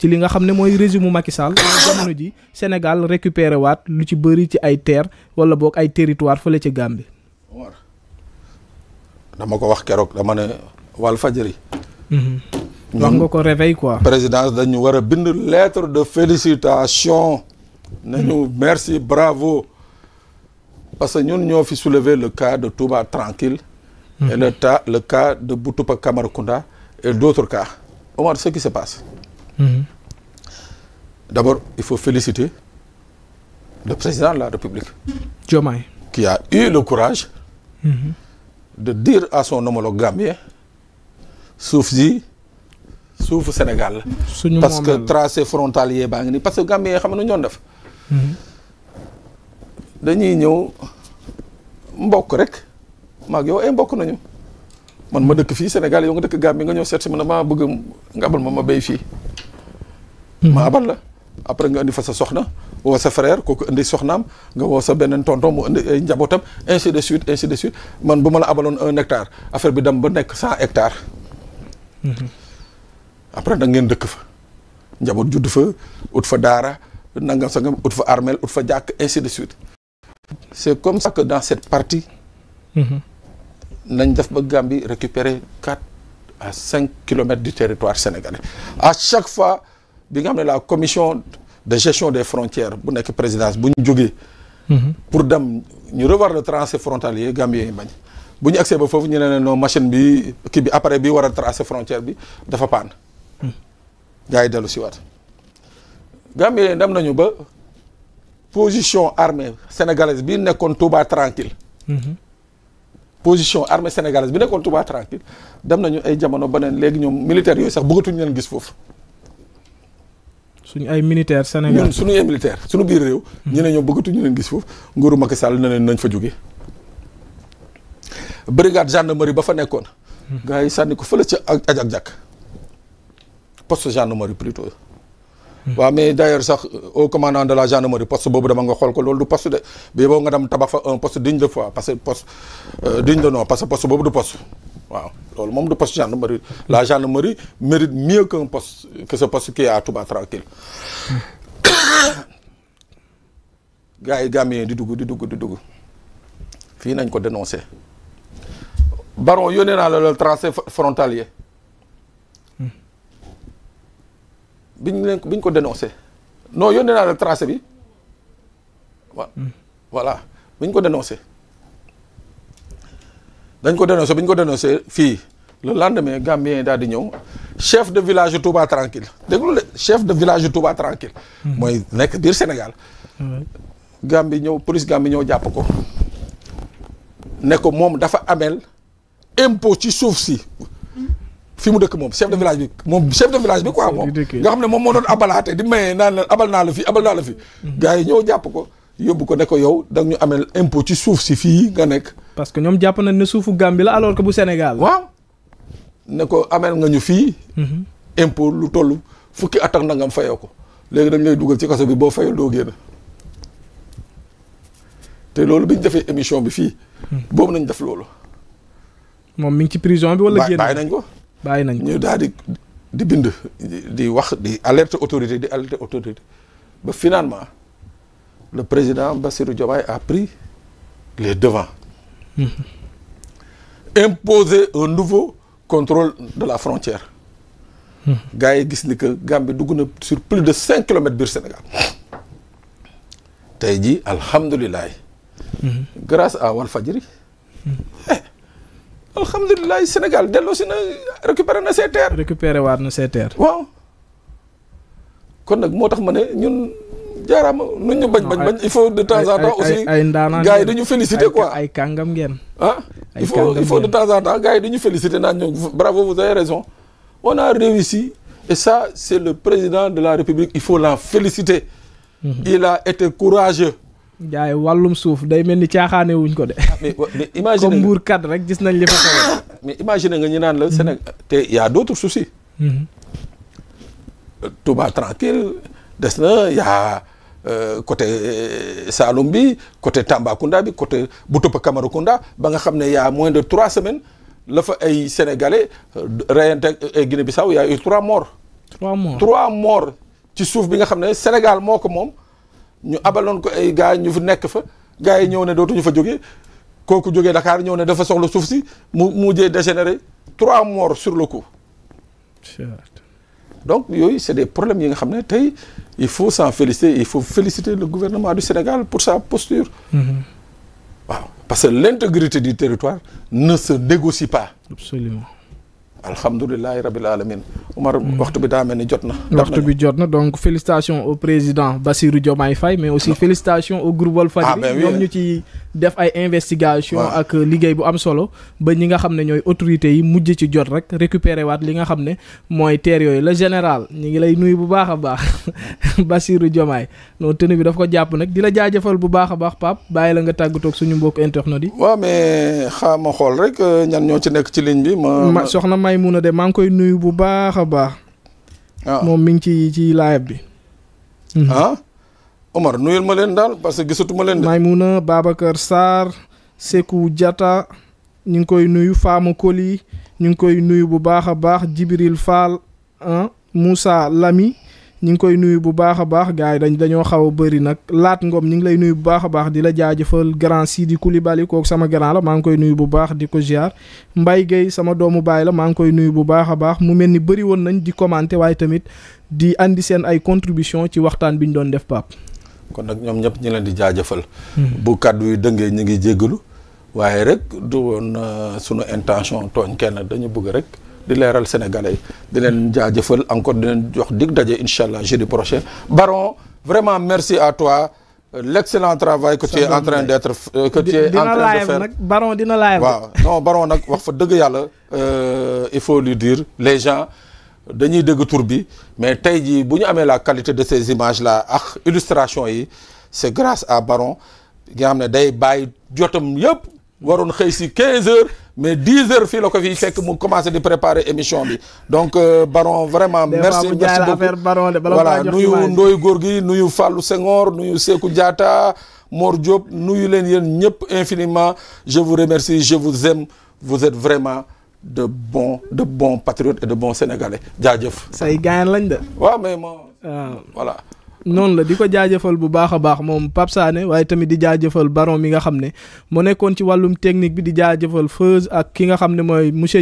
ci li nga xam ne mooy régime mu Macky Sall ji Sénégal récupéré waat lu ci bëri ci ay terre wala boog ay territoire fële ci Gambie. dama ko wax keroog dama ne Walfadjri. Mhm. wax nga ko réveil quoi. présidence dañu war a bind lettre de félicitation. nañu merci bravo. parce que ñun ñoo fi soulever le cas de Touba tranquille et le mhm. ta le cas de Boutoupa Camaracounda et d' autres cas Omar ce qui se passe. Mhm. D'abord, il faut féliciter le président de la République. Diomaye. Qui a eu le courage. Mm -hmm. de dire à son homologue gambien suuf si suufu Sénégal la. parce que tracé frontalier baa ngi nii parce que gambien xam na ñoon def. Mhm. dañuy ñëw mbokk rek maag yow ay mbokk nañu man ma dëkk fii Sénégal yow nga dëkk Gambie nga ñëw seet si ma maa bëgg nga abal ma ma béy fii. Hmm. ma abal la après nga indi fa sa soxna woo sa frère kooku indi soxnaam nga woo sa beneen tonton mu indi ay eh, njabootam ainsi de suite ainsi de suite man bu ma la abaloon un hectare affaire bi dem ba nekk cent hectares. Hmm. après da ngeen dëkk fa njaboot judd fa ut fa daara nangam sangam ut fa armel ut fa jàkk ainsi de suite. c'est comme sa que dans cette partie. Hmm. nañ def ba Gambie récupérer quatre à cinq kilomètres du territoire sénégalais à chaque fois. bi nga xam ne la commission de gestion des frontières bu nekk présidence bu ñu jógee. Mhm. pour dem ñu revoir le tracé frontalier Gambie bañ. bu ñu accès ba foofu ñu ne non machine bi kii bi appareil bi war a tracer frontière bi dafa paan. Mhm. gars yi dellu si dem nañu ba position armée sénégalaise bi nekkoon Touba tranquille mhm. position armée sénégalaise bi nekkoon Touba tranquille dem nañu ay jamono ba neen léegi ñoom militaires yooyu sax bëggatuñu leen gis foofu. suñu ay militaire Sénégal ñun suñu ay militaire suñu biir réew. Hmm. ñu ne ñoom bëggatuñu leen gis foofu nguuru Macky Sall ne leen nañ fa jóge brigade gendarmerie ba fa nekkoon. Hmm. gars yi sànni ko fële ca aj ak jàkk poste gendarmerie plutôt. Hmm. waaw mais d' ailleurs sax au commandant de la gendarmerie poste boobu dama nga xool ko loolu du poste de bi boo nga dem tabax fa un poste de foi parce que poste euh, digne de nom parce que poste boobu du poste. waaw loolu moom du poste gendarmerie la gendarmerie mérite mieux qu'un poste que post ki qui est à Touba tranquille yi Gambien di dugg di dugg di dugg fii nañ ko dénoncer baron yónnee naa la le tracé frontalier hmm. biñ leen biñ ko dénoncé non yónnee naa la tracé bi wa hmm. voilà biñ ko dénoncé dañ ko dénoncé bi ñu ko dénoncé fii le lendemain Gambien daal di ñëw chef de village Touba de déglu le chef de village Touba tranquille hmm. mooy nekk biir Sénégal Gambie ñëw police Gambie ñëw jàpp ko ne moom dafa amel impôt ci suuf si fi mu dëkk moom chef de village moom chef de village bi quoi moom nga xam ne moom moo doon abalaate di maye naan leen fi abal naa hmm. yi ñëw jàpp ko yóbbu ko ne ko yow danga ñu amel impôt ci suuf si fii nga nekk parce que ñoom jàpp nañ ne suufu Gambie la alors que bu Sénégal. waaw ne ko ameel nga ñu fii. Mhm. impôt lu toll fukki at ak nangam fayoo ko léegi dañ lay dugal ci kaso bi boo fayoo doo génn te loolu bi ñu defee émission bi fii. Hmm. boobu nañ def loolu. moom mi ngi ci prison bi wala. génn bàyyi nañ ko bàyyi nañ ko ñu daal di di bind di wax di alerte autorité di alerte autorité ba finalement le président Bassirou Diomaye a pris les devants. Mm-hmm. imposer un nouveau contrôle de la frontière. Mm-hmm. gars yi gis ni que Gambie dugg na sur plus de cinq kilomètres biir Sénégal. tey jii alhamdulilah. Mm-hmm. grâce à Walfadjri. Eh, alhamdulilah Sénégal delloo si na récupéré na ses terres. récupéré waat na ses terres. waaw kon nag moo tax ma ne ñun. jaaraama nu ñu bañ bañ bañ il faut de temps en temps dañu féliciter quoi ay kàngam ngeen ah il faut il faut de temps dañu féliciter naan ñoom bravo vous avez raison on a réussi et ça c'est le président de la République il faut la féliciter di mhm. la été courageux jaay wàllum suuf day mel ni caaxaane wuñ ko de ah, mais mbuur kat rek gis nañ li fa xew ah, mais nga ñu naan la mhm. Sénégal te y a d'autres soucis mhm. Touba des na yaa euh, côté euh, Saloum bi côté Tambacounda bi côté Boutoupa Camaracounda ba nga xam ne yaa moins de trois semaines la fa ay sénégalais euh, reyante ay Guinée-Bissau yaa eu trois morts. trois morts ci suuf bi nga xam ne Sénégal moo ko moom ñu abaloon ko ay gars ñu fi nekk fa gars yi ñëw ne dootuñu fa jógee kooku jógee Dakar ñëw ne dafa soxla suuf si mu mujjee dégénéré trois morts sur le coup. donc yooyu c'est des problèmes yi nga xam ne tey il faut s'en féliciter il faut féliciter le gouvernement du Sénégal pour sa posture mm-hmm. waaw parce que l'intégrité du territoire ne se négocie pas absolument alhamdulilahi rabil alamin Omar mm-hmm. waxtu bi daa mel ni jot na waxtu bi jot na donc félicitations au président Bassirou Diomaye fay mais aussi félicitations au groupe Walfadjri ah, ñoom ñu ci def ay investigation ak liggéey bu am solo ba ñi nga xam ne ñooy autorités yi mujj ci jot rek récupérer waat li nga xam ne mooy terre yooyu la général ñu ngi lay nuyu bu baax a baax Bassirou Diomaye noonu tenu bi daf ko jàpp nag di la jaajëfal bu baax a baax Pape bàyyi la nga tàggatoog suñu mbokk internet yi waa mais xaa ma xool rek euh, ñan ñoo ci nekk ci ligne bi ma soxna may a de maa ngi koy nuyu bu baax a baax ah. moom mi ngi ci ci live bi ah Omar nuyul ma leen daal parce que gisatu ma leen. Maimouna Babacar Sarr Sekou jata ñu ngi koy nuyu faamu Koli ñu ngi koy nuyu bu baax a baax Djibril Fall ah Moussa Lami ñu ngi koy nuyu bu baax a baax gars yi dañ dañoo xaw a bëri nag laat ngoom ñu ngi lay nuyu bu baax a baax di la jaajëfal grand Sidi Koulibaly kooku sama grand la maa ngi koy nuyu bu baax di ko ziar Mbaye Gueye sama doomu baay la maa ngi koy nuyu bu baax a baax mu mel ni bëri woon nañ di commenter waaye tamit di indi seen ay contribution ci waxtaan bi ñu doon def Pape kon nag ñoom ñëpp ñu leen di jaajëfal. Hmm. bu kàddu yu dëngee ñu ngi jéggalu waaye rek du woon euh, sunu intention tooñ kenn dañu bëgg rek. di leeral sénégalais di leen jaajëfal encore di leen jox dig daje incha allah jeudi prochain Baron vraiment merci à toi l'excellent travail que euh, tu es en train d'être que tu es en train de faire Baron dina live waaw non Baron nag wax fa dëgg yàlla euh, il faut lui dire les gens dañuy dégg tur bi mais tey jii bu ñu amee la qualité de ces images là ak illustration yi c'est grace à Baron nga xam ne day bàyyi jotam yëpp waroon xëy si 15 heures mais 10 heures fii la ko fii fekk mu commencé de préparer émission bi donc euh, Baron vraiment. merci merci beaucoup voilà nuyu Ndoye góor gi nuyu Fallou Senghor nuyu Seeku Diatta moor Diop nuyu leen yéen ñëpp infiniment je vous remercie je vous aime vous êtes vraiment. de bons de bons patriotes et de bons sénégalais jaajëf. say gaañ lañ de. waaw mais moo. Ah. voilà. noonu la di ko jaajëfal bu baax a baax moom Pape waaye tamit di jaajëfal baron mi nga xam ne mu nekkoon ci wàllum technique bi di jaajëfal feuse ak ki nga xam ne mooy monsieur.